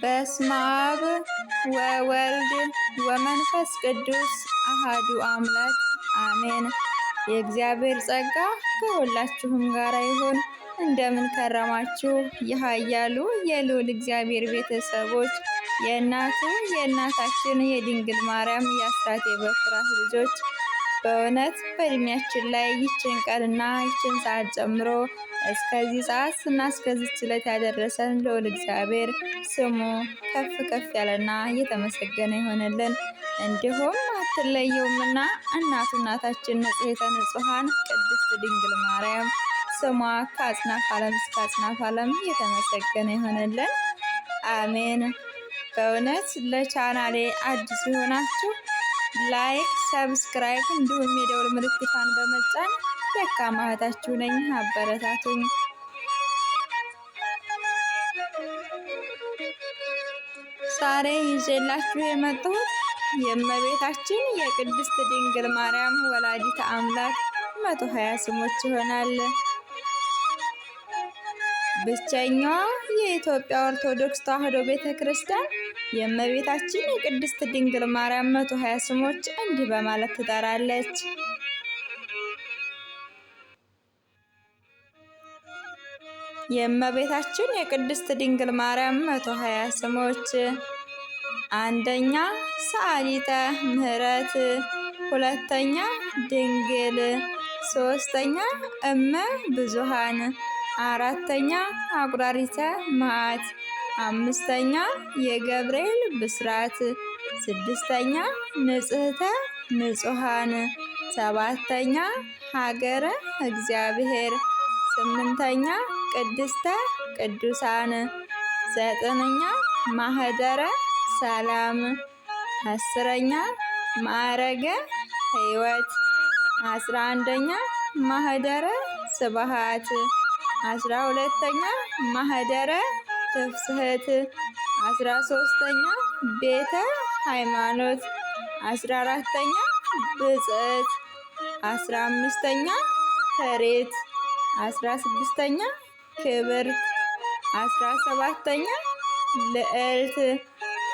በስመ አብ ወወልድ ወመንፈስ ቅዱስ አሃዱ አምላክ አሜን። የእግዚአብሔር ጸጋ ከሁላችሁም ጋር ይሁን። እንደምን ከረማችሁ? የኃያሉ የልዑል እግዚአብሔር ቤተሰቦች የእናቱ የእናታችን የድንግል ማርያም የአስራት የበኩራት ልጆች በእውነት በእድሜያችን ላይ ይችን ቀንና ይችን ሰዓት ጨምሮ እስከዚህ ሰዓት እና እስከዚች ዕለት ያደረሰን ልዑል እግዚአብሔር ስሙ ከፍ ከፍ ያለና እየተመሰገነ ይሆንልን። እንዲሁም አትለየውምና እናቱ እናታችን ንጽሕተ ንጹሐን ቅድስት ድንግል ማርያም ስሟ ከአጽናፍ ዓለም እስከ አጽናፍ ዓለም እየተመሰገነ ይሆንልን። አሜን። በእውነት ለቻናሌ አዲስ የሆናችሁ ላይክ፣ ሰብስክራይብ እንዲሁም የደውል ምልክቷን በመጫን በቃ ማህታችሁ ነኝ፣ አበረታቱኝ። ዛሬ ይዤላችሁ የመጣሁት የእመቤታችን የቅድስት ድንግል ማርያም ወላዲተ አምላክ መቶ ሀያ ስሞች ይሆናል። ብቸኛዋ የኢትዮጵያ ኦርቶዶክስ ተዋሕዶ ቤተ ክርስቲያን የእመቤታችን የቅድስት ድንግል ማርያም መቶ ሀያ ስሞች እንዲህ በማለት ትጠራለች። የእመቤታችን የቅድስት ድንግል ማርያም መቶ 120 ስሞች አንደኛ ሰዓሊተ ምህረት ሁለተኛ ድንግል፣ ሶስተኛ እመ ብዙሃን፣ አራተኛ አቁራሪተ መዓት፣ አምስተኛ የገብርኤል ብስራት፣ ስድስተኛ ንጽህተ ንጹሃን፣ ሰባተኛ ሀገረ እግዚአብሔር፣ ስምንተኛ ቅድስተ ቅዱሳን ዘጠነኛ ማህደረ ሰላም አስረኛ ማዕረገ ህይወት። አስራ አንደኛ ማህደረ ስብሃት አስራ ሁለተኛ ማህደረ ትፍስህት አስራ ሶስተኛ ቤተ ሃይማኖት አስራ አራተኛ ብጽዕት አስራ አምስተኛ ተሬት አስራ ስድስተኛ ክብር አስራ ሰባተኛ ልዕልት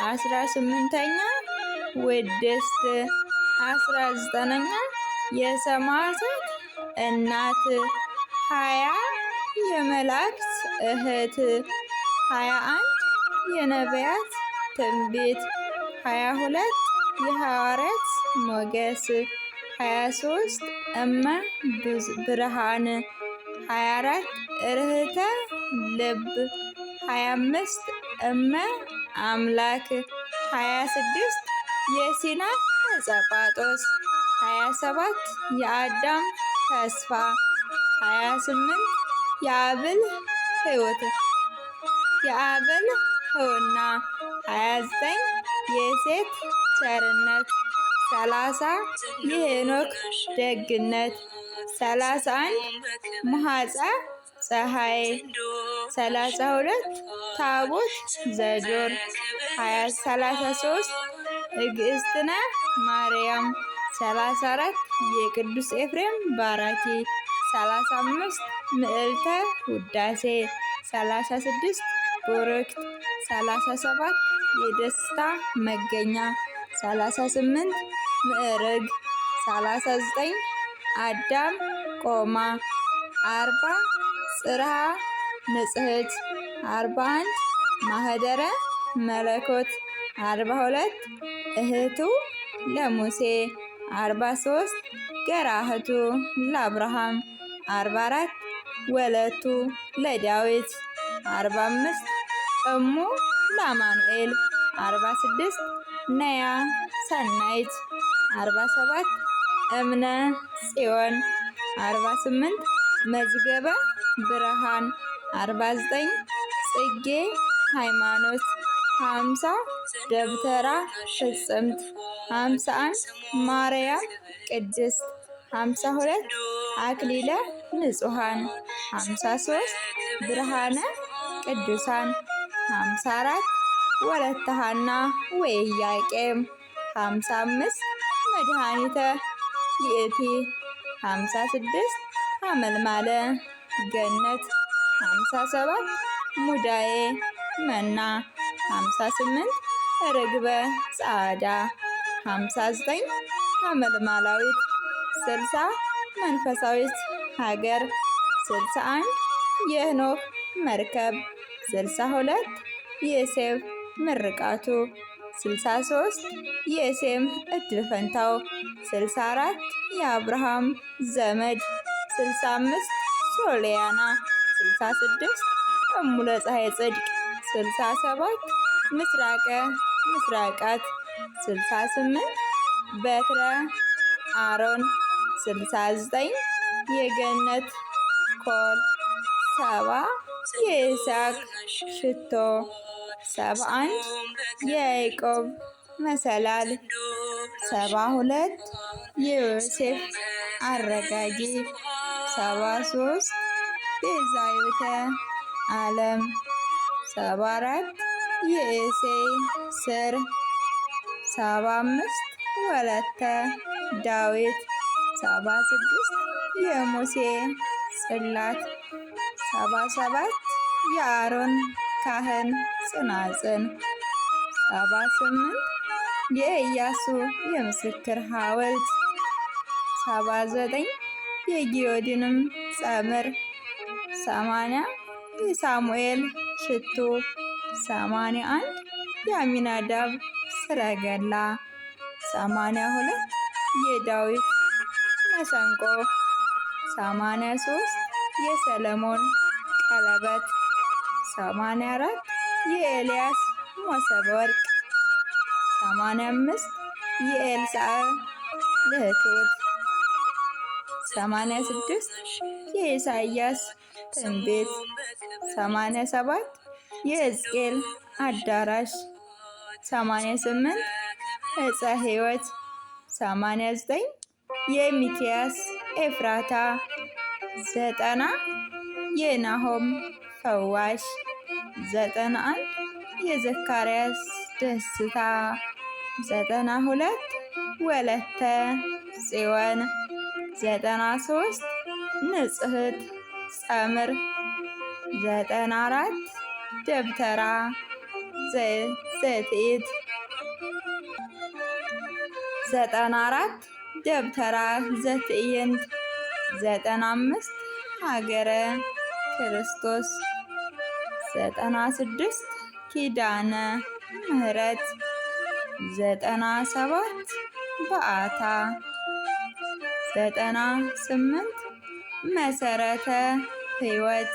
አስራ ስምንተኛ ውድስት አስራ ዘጠነኛ የሰማዕታት እናት ሀያ የመላእክት እህት ሀያ አንድ የነቢያት ትንቢት ሀያ ሁለት የሐዋርያት ሞገስ ሀያ ሶስት እመ ብርሃን ሀያ አራት ርህተ ልብ 25 እመ አምላክ 26 የሲና ጸጳጦስ 27 የአዳም ተስፋ 28 የአብል ህይወት የአብል ህውና 29 የሴት ቸርነት 30 የሄኖክ ደግነት 31 መሐፀ ፀሐይ ሰላሳ ሁለት ታቦት ዘጆር ሀያ ሰላሳ ሶስት እግዝእትነ ማርያም ሰላሳ አራት የቅዱስ ኤፍሬም ባራኪ ሰላሳ አምስት ምዕልተ ውዳሴ ሰላሳ ስድስት ቦረክት ሰላሳ ሰባት የደስታ መገኛ ሰላሳ ስምንት ምዕርግ ሰላሳ ዘጠኝ አዳም ቆማ አርባ ጽርሐ ንጽሕት 41 ማህደረ መለኮት 42 እህቱ ለሙሴ 43 ገራህቱ ለአብርሃም 44 ወለቱ ለዳዊት 45 እሙ ለአማኑኤል 46 ነያ ሰናይት 47 እምነ ጽዮን 48 መዝገበ ብርሃን 49 ጽጌ ሃይማኖት 50 ደብተራ ፍጽምት 51 ማርያም ቅድስት 52 አክሊለ ንጹሃን 53 ብርሃነ ቅዱሳን 54 ወለተ ሐና ወኢያቄም 55 መድኃኒተ ይእቲ 56 አመልማለ ገነት 57 ሙዳዬ መና 58 ርግበ ጻዳ 59 ሐመልማላዊት 60 መንፈሳዊት ሀገር 61 የህኖክ መርከብ 62 የሴብ ምርቃቱ 63 የሴም እድል ፈንታው 64 የአብርሃም ዘመድ 65 ሶሊያና 66 እሙለ ፀሐይ ጽድቅ 67 ምስራቀ ምስራቃት 68 በትረ አሮን 69 የገነት ኮል 70 የይስሐቅ ሽቶ 71 የያዕቆብ መሰላል 72 የዮሴፍ አረጋጊ ሰባ ሶስት ቤዛዊተ ዓለም ሰባ አራት የእሴይ ስር ሰባ አምስት ወለተ ዳዊት ሰባ ስድስት የሙሴ ጽላት ሰባ ሰባት የአሮን ካህን ጽናጽን ሰባ ስምንት የኢያሱ የምስክር ሐውልት ሰባ ዘጠኝ የጊዮድንም ጸምር ሰማንያ የሳሙኤል ሽቱ ሰማንያ አንድ የአሚናዳብ ስረገላ ሰማንያ ሁለት የዳዊት መሰንቆ ሰማንያ ሶስት የሰለሞን ቀለበት ሰማንያ አራት የኤልያስ መሶበ ወርቅ ሰማንያ አምስት የኤልሳዕ 86 የኢሳይያስ ትንቢት 87 የሕዝቅኤል አዳራሽ 88 ዕፀ ሕይወት 89 የሚኪያስ ኤፍራታ 90 የናሆም ፈዋሽ 91 የዘካርያስ ደስታ 92 ወለተ ጽዮን ዘጠና ሶስት ንጽህት ጸምር ዘጠና አራት ደብተራ ዘትኢት ዘጠና አራት ደብተራ ዘትዕይንት ዘጠና አምስት ሀገረ ክርስቶስ ዘጠና ስድስት ኪዳነ ምህረት ዘጠና ሰባት በአታ ዘጠና ስምንት መሰረተ ህይወት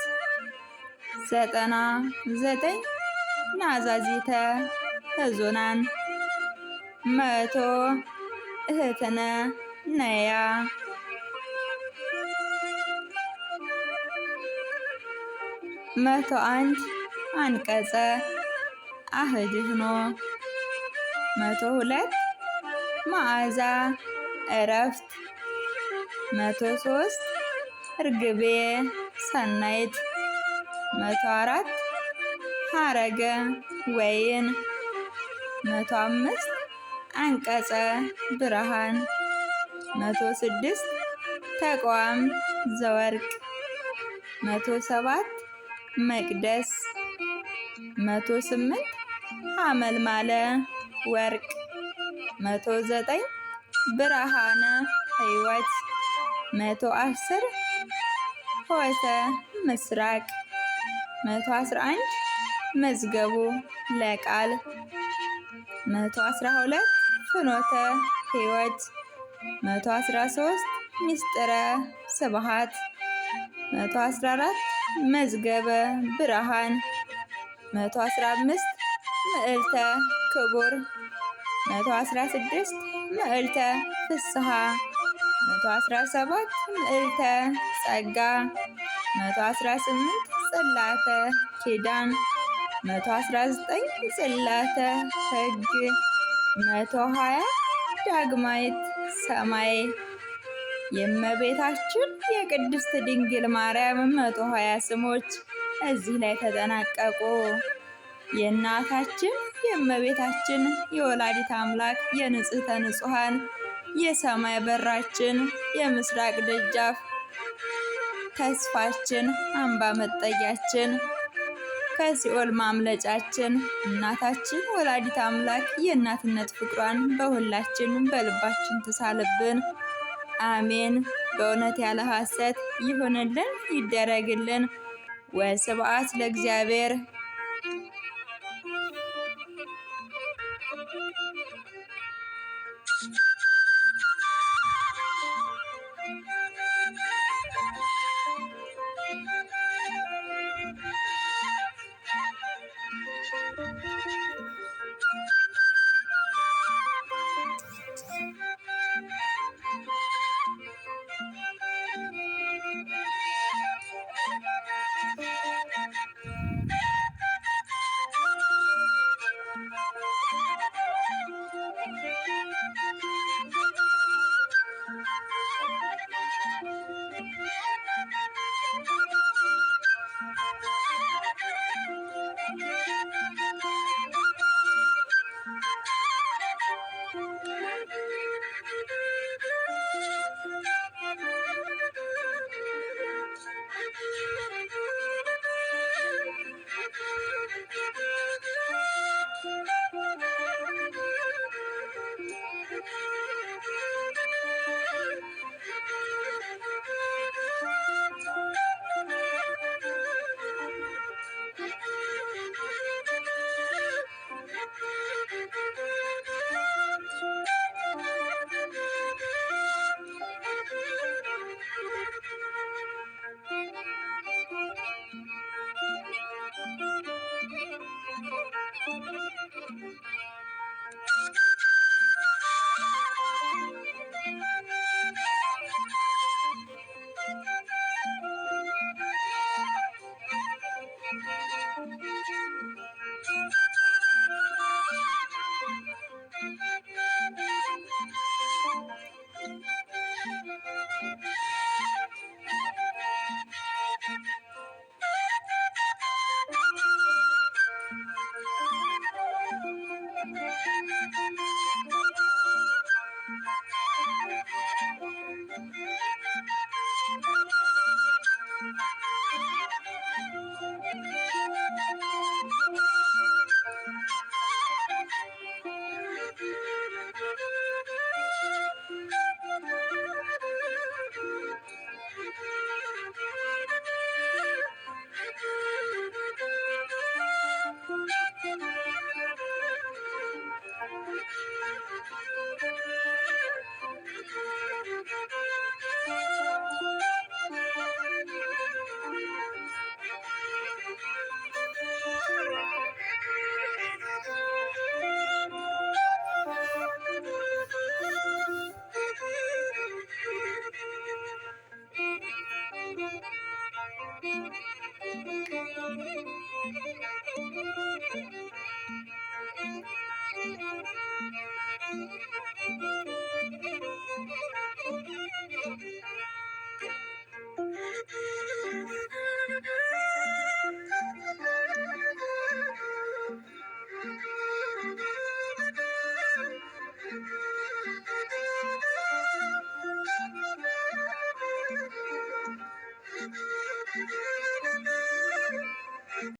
ዘጠና ዘጠኝ ናዛዚተ ህዙናን መቶ እህትነ ነያ መቶ አንድ አንቀጸ አህድህኖ መቶ ሁለት መዓዛ እረፍት መቶ ሶስት እርግቤ ሰናይት መቶ አራት ሀረገ ወይን መቶ አምስት አንቀጸ ብርሃን መቶ ስድስት ተቋም ዘወርቅ መቶ ሰባት መቅደስ መቶ ስምንት ሐመልማለ ወርቅ መቶ ዘጠኝ ብርሃነ ሕይወት መቶ አስር ሆተ ምስራቅ መቶ አስራ አንድ መዝገቡ ለቃል መቶ አስራ ሁለት ፍኖተ ሕይወት መቶ አስራ ሶስት ሚስጥረ ስብሃት መቶ አስራ አራት መዝገበ ብርሃን መቶ አስራ አምስት ምዕልተ ክቡር መቶ አስራ ስድስት ምዕልተ ፍስሐ መቶ አስራ ጸጋ መቶ ጽላተ ኪዳን መቶ ጽላተ ሕግ ሰማይ የእመቤታችን የቅድስት ድንግል ማርያም መቶ ስሞች እዚህ ላይ ተጠናቀቁ። የእናታችን የእመቤታችን የወላዲት አምላክ የንጽሕተ ንጹሐን የሰማይ በራችን የምስራቅ ደጃፍ ተስፋችን አምባ መጠጊያችን ከሲኦል ማምለጫችን እናታችን ወላዲት አምላክ የእናትነት ፍቅሯን በሁላችን በልባችን ትሳልብን። አሜን። በእውነት ያለ ሐሰት ይሁንልን ይደረግልን። ወስብዓት ለእግዚአብሔር።